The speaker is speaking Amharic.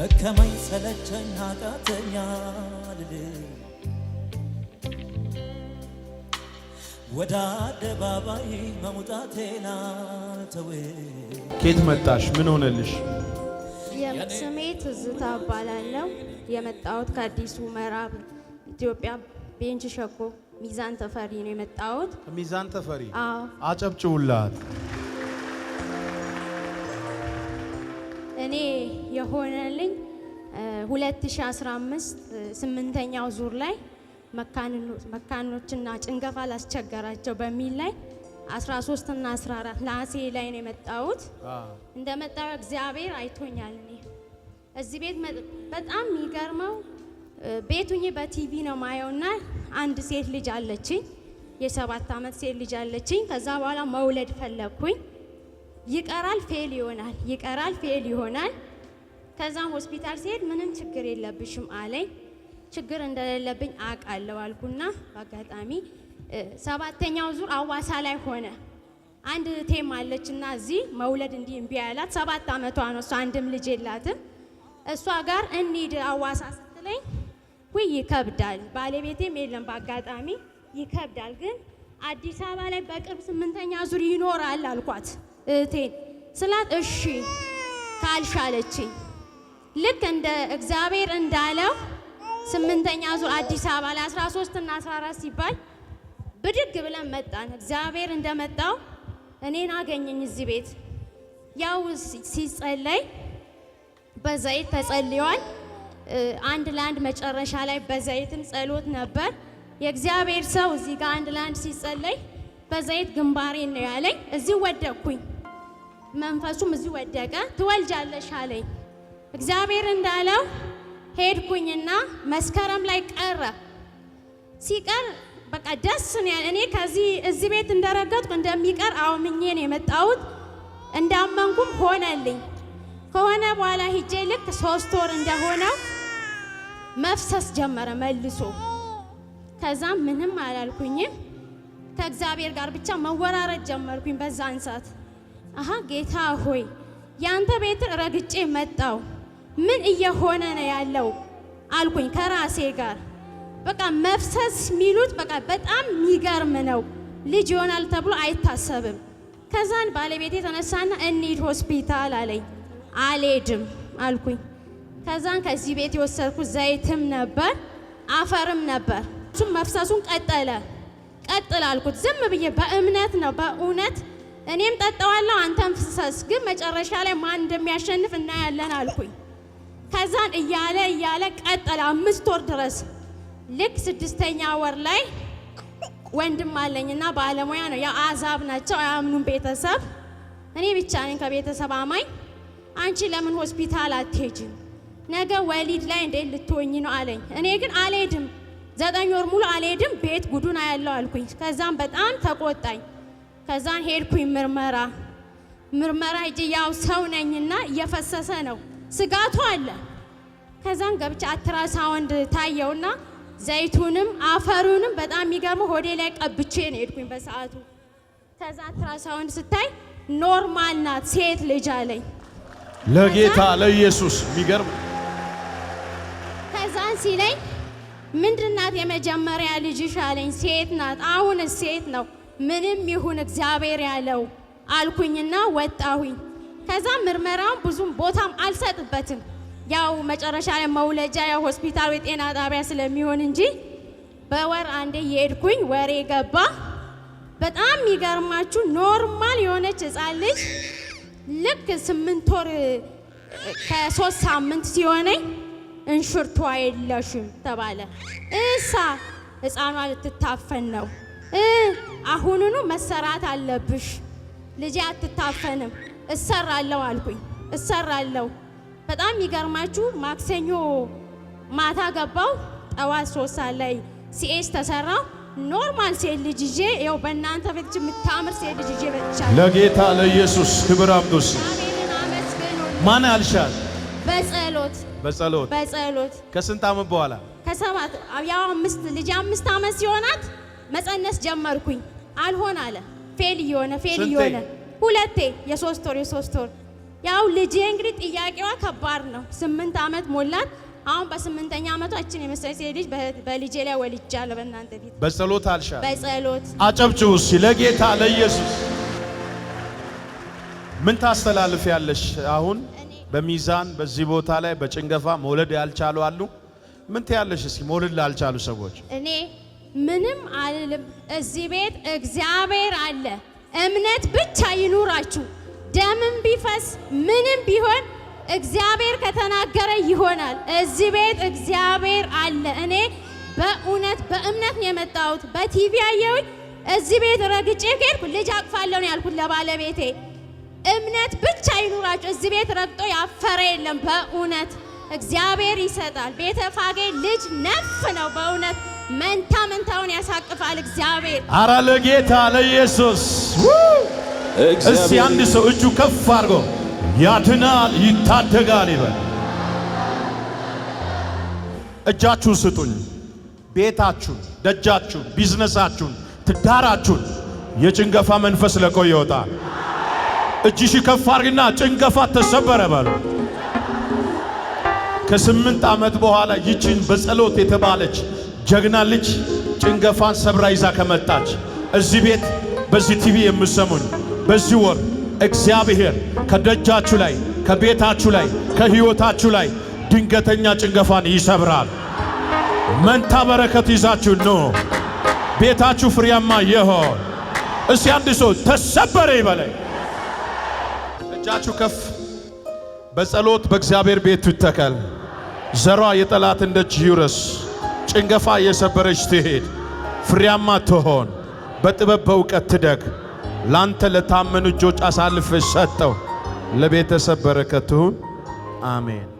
ደከመኝ ሰለቸኝ ኃጢአተኛ ልል ወደ አደባባይ መሙጣቴና ተው ኬት መጣሽ? ምን ሆነልሽ? ስሜ ትዝታ እባላለሁ። የመጣሁት ከአዲሱ ምዕራብ ኢትዮጵያ ቤንች ሸኮ ሚዛን ተፈሪ ነው የመጣሁት። ሚዛን ተፈሪ አጨብጭውላት። እኔ የሆነልኝ 2015 ስምንተኛው ዙር ላይ መካኖችና ጭንገፋ ላስቸገራቸው በሚል ላይ 13 እና 14 ለአሴ ላይ ነው የመጣሁት። እንደመጣው እግዚአብሔር አይቶኛል። እኔ እዚህ ቤት በጣም የሚገርመው ቤቱኝ በቲቪ ነው ማየውና አንድ ሴት ልጅ አለችኝ፣ የሰባት ዓመት ሴት ልጅ አለችኝ። ከዛ በኋላ መውለድ ፈለግኩኝ። ይቀራል፣ ፌል ይሆናል፣ ይቀራል፣ ፌል ይሆናል። ከዛም ሆስፒታል ሲሄድ ምንም ችግር የለብሽም አለኝ። ችግር እንደሌለብኝ አውቃለሁ አልኩና በአጋጣሚ ሰባተኛው ዙር አዋሳ ላይ ሆነ። አንድ ቴም አለችና እዚህ መውለድ እንዲህ እምቢ ያላት ሰባት ዓመቷ ነው። እሷ አንድም ልጅ የላትም። እሷ ጋር እንሂድ አዋሳ ስትለኝ ውይ ይከብዳል። ባለቤቴም የለም በአጋጣሚ ይከብዳል፣ ግን አዲስ አበባ ላይ በቅርብ ስምንተኛ ዙር ይኖራል አልኳት። እህቴን ስላት እሺ ካልሻለችኝ ልክ እንደ እግዚአብሔር እንዳለው ስምንተኛ ዙር አዲስ አበባ ላይ 13 እና 14 ሲባል ብድግ ብለን መጣን። እግዚአብሔር እንደመጣው እኔን አገኘኝ እዚህ ቤት። ያው ሲጸለይ በዘይት ተጸልዮአል። አንድ ለአንድ መጨረሻ ላይ በዘይትም ጸሎት ነበር። የእግዚአብሔር ሰው እዚህ ጋር አንድ ለአንድ ሲጸለይ በዘይት ግንባሬን ነው ያለኝ። እዚህ ወደኩኝ። መንፈሱም እዚህ ወደቀ። ትወልጃለሽ አለኝ። እግዚአብሔር እንዳለው ሄድኩኝና መስከረም ላይ ቀረ። ሲቀር በቃ ደስ ነው። እኔ ከዚህ እዚህ ቤት እንደረገጥኩ እንደሚቀር አውምኜ ነው የመጣሁት። እንዳመንኩም ሆነልኝ። ከሆነ በኋላ ሂጄ ልክ ሶስት ወር እንደሆነው መፍሰስ ጀመረ መልሶ። ከዛም ምንም አላልኩኝም። ከእግዚአብሔር ጋር ብቻ መወራረድ ጀመርኩኝ በዛን ሰዓት አሀ ጌታ ሆይ ያንተ ቤት ረግጬ መጣው ምን እየሆነ ነው ያለው አልኩኝ ከራሴ ጋር በቃ መፍሰስ የሚሉት በቃ በጣም የሚገርም ነው። ልጅ ይሆናል ተብሎ አይታሰብም። ከዛን ባለቤቴ የተነሳና እንሂድ ሆስፒታል አለኝ። አልሄድም አልኩኝ። ከዛን ከዚህ ቤት የወሰድኩት ዘይትም ነበር አፈርም ነበር። እሱም መፍሰሱን ቀጠለ ቀጥል አልኩት። ዝም ብዬ በእምነት ነው በእውነት እኔም ጠጣዋለሁ፣ አንተም ፍሰስ፣ ግን መጨረሻ ላይ ማን እንደሚያሸንፍ እናያለን አልኩኝ። ከዛን እያለ እያለ ቀጠለ አምስት ወር ድረስ። ልክ ስድስተኛ ወር ላይ ወንድም አለኝና ባለሙያ ነው፣ ያው አዛብ ናቸው፣ አያምኑም ቤተሰብ። እኔ ብቻ ነኝ ከቤተሰብ አማኝ። አንቺ ለምን ሆስፒታል አትሄጂም? ነገ ወሊድ ላይ እንዴት ልትወኝ ነው አለኝ። እኔ ግን አልሄድም፣ ዘጠኝ ወር ሙሉ አልሄድም፣ ቤት ጉዱን አያለው አልኩኝ። ከዛም በጣም ተቆጣኝ። ከዛ ሄድኩኝ ምርመራ ምርመራ እጅ ያው ሰው ነኝና እየፈሰሰ ነው ስጋቱ አለ። ከዛን ገብቼ አትራሳውንድ ታየውና ዘይቱንም አፈሩንም በጣም የሚገርመው ሆዴ ላይ ቀብቼ ነው ሄድኩኝ በሰዓቱ። ከዛ አትራሳውንድ ስታይ ኖርማል ናት ሴት ልጅ አለኝ። ለጌታ ለኢየሱስ የሚገርም ከዛን ሲለኝ ምንድናት የመጀመሪያ ልጅሽ አለኝ። ሴት ናት። አሁን ሴት ነው ምንም ይሁን እግዚአብሔር ያለው አልኩኝና ወጣሁኝ። ከዛ ምርመራም ብዙም ቦታም አልሰጥበትም። ያው መጨረሻ ላይ መውለጃ ያው ሆስፒታል ወይ ጤና ጣቢያ ስለሚሆን እንጂ በወር አንዴ የሄድኩኝ ወሬ ገባ። በጣም የሚገርማችሁ ኖርማል የሆነች ህፃን ልጅ ልክ ስምንት ወር ከሶስት ሳምንት ሲሆነኝ እንሽርቷ የለሽም ተባለ። እሳ ህፃኗ ልትታፈን ነው። አሁኑኑ መሰራት አለብሽ ልጄ፣ አትታፈንም። እሰራለሁ አልኩኝ፣ እሰራለሁ። በጣም ይገርማችሁ፣ ማክሰኞ ማታ ገባው፣ ጠዋት ሶስት ሰዓት ላይ ሲኤስ ተሰራ። ኖርማል ሴት ልጅ ይዤ ይኸው በእናንተ ቤት የምታምር ሴት ልጅ ይዤ በቻ ለጌታ ለኢየሱስ ክብር አብዱስ ማን አልሻል? በጸሎት በጸሎት በጸሎት ከስንት አመት በኋላ ከሰባት ያው አምስት ልጅ አምስት አመት ሲሆናት መጸነስ ጀመርኩኝ። አልሆን አለ። ፌል እየሆነ ፌል እየሆነ ሁለቴ የሶስት ወር የሶስት ወር ያው ልጄ እንግዲህ ጥያቄዋ ከባድ ነው። ስምንት ዓመት ሞላት። አሁን በስምንተኛ ዓመቷ እችን የመሰለች ልጅ በልጄ ላይ ወልጃለሁ። በእናንተ ፊት በጸሎት አልሻ በጸሎት አጨብጭቡ እስኪ ለጌታ ለኢየሱስ። ምን ታስተላልፍ ያለሽ አሁን በሚዛን በዚህ ቦታ ላይ በጭንገፋ መውለድ ያልቻሉ አሉ። ምን ትያለሽ? እስኪ መውለድ ላልቻሉ ሰዎች እኔ ምንም አልልም። እዚህ ቤት እግዚአብሔር አለ። እምነት ብቻ ይኑራችሁ። ደምም ቢፈስ ምንም ቢሆን እግዚአብሔር ከተናገረ ይሆናል። እዚህ ቤት እግዚአብሔር አለ። እኔ በእውነት በእምነት ነው የመጣሁት። በቲቪ አየሁኝ። እዚህ ቤት ረግጬ ከሄድኩ ልጅ አቅፋለሁ ነው ያልኩት ለባለቤቴ። እምነት ብቻ ይኑራችሁ። እዚህ ቤት ረግጦ ያፈረ የለም። በእውነት እግዚአብሔር ይሰጣል። ቤተፋጌ ልጅ ነፍ ነው በእውነት መንታ መንታውን ያሳቅፋል እግዚአብሔር። አረ ለጌታ ለኢየሱስ እስቲ አንድ ሰው እጁ ከፍ አድርጎ ያድናል ይታደጋል ይበል። እጃችሁን ስጡኝ። ቤታችሁን፣ ደጃችሁን፣ ቢዝነሳችሁን፣ ትዳራችሁን የጭንገፋ መንፈስ ለቆ ይወጣል። እጅሽ ከፍ አድርግና ጭንገፋ ተሰበረ በሉ። ከስምንት ዓመት በኋላ ይችን በጸሎት የተባለች ጀግና ልጅ ጭንገፋን ሰብራ ይዛ ከመጣች እዚህ ቤት በዚህ ቲቪ የምሰሙኝ በዚህ ወር እግዚአብሔር ከደጃችሁ ላይ ከቤታችሁ ላይ ከሕይወታችሁ ላይ ድንገተኛ ጭንገፋን ይሰብራል። መንታ በረከት ይዛችሁ ኖ ቤታችሁ ፍሬያማ ይሆን። እስቲ አንድ ሰው ተሰበረ ይበለኝ። እጃችሁ ከፍ በጸሎት በእግዚአብሔር ቤት ይተከል። ዘሯ የጠላት እንደች ይውረስ። ጭንገፋ እየሰበረች ትሄድ፣ ፍሬያማ ትሆን። በጥበብ በእውቀት ትደግ። ላንተ ለታመኑ እጆች አሳልፈሽ ሰጠው። ለቤተሰብ በረከት ትሁን። አሜን።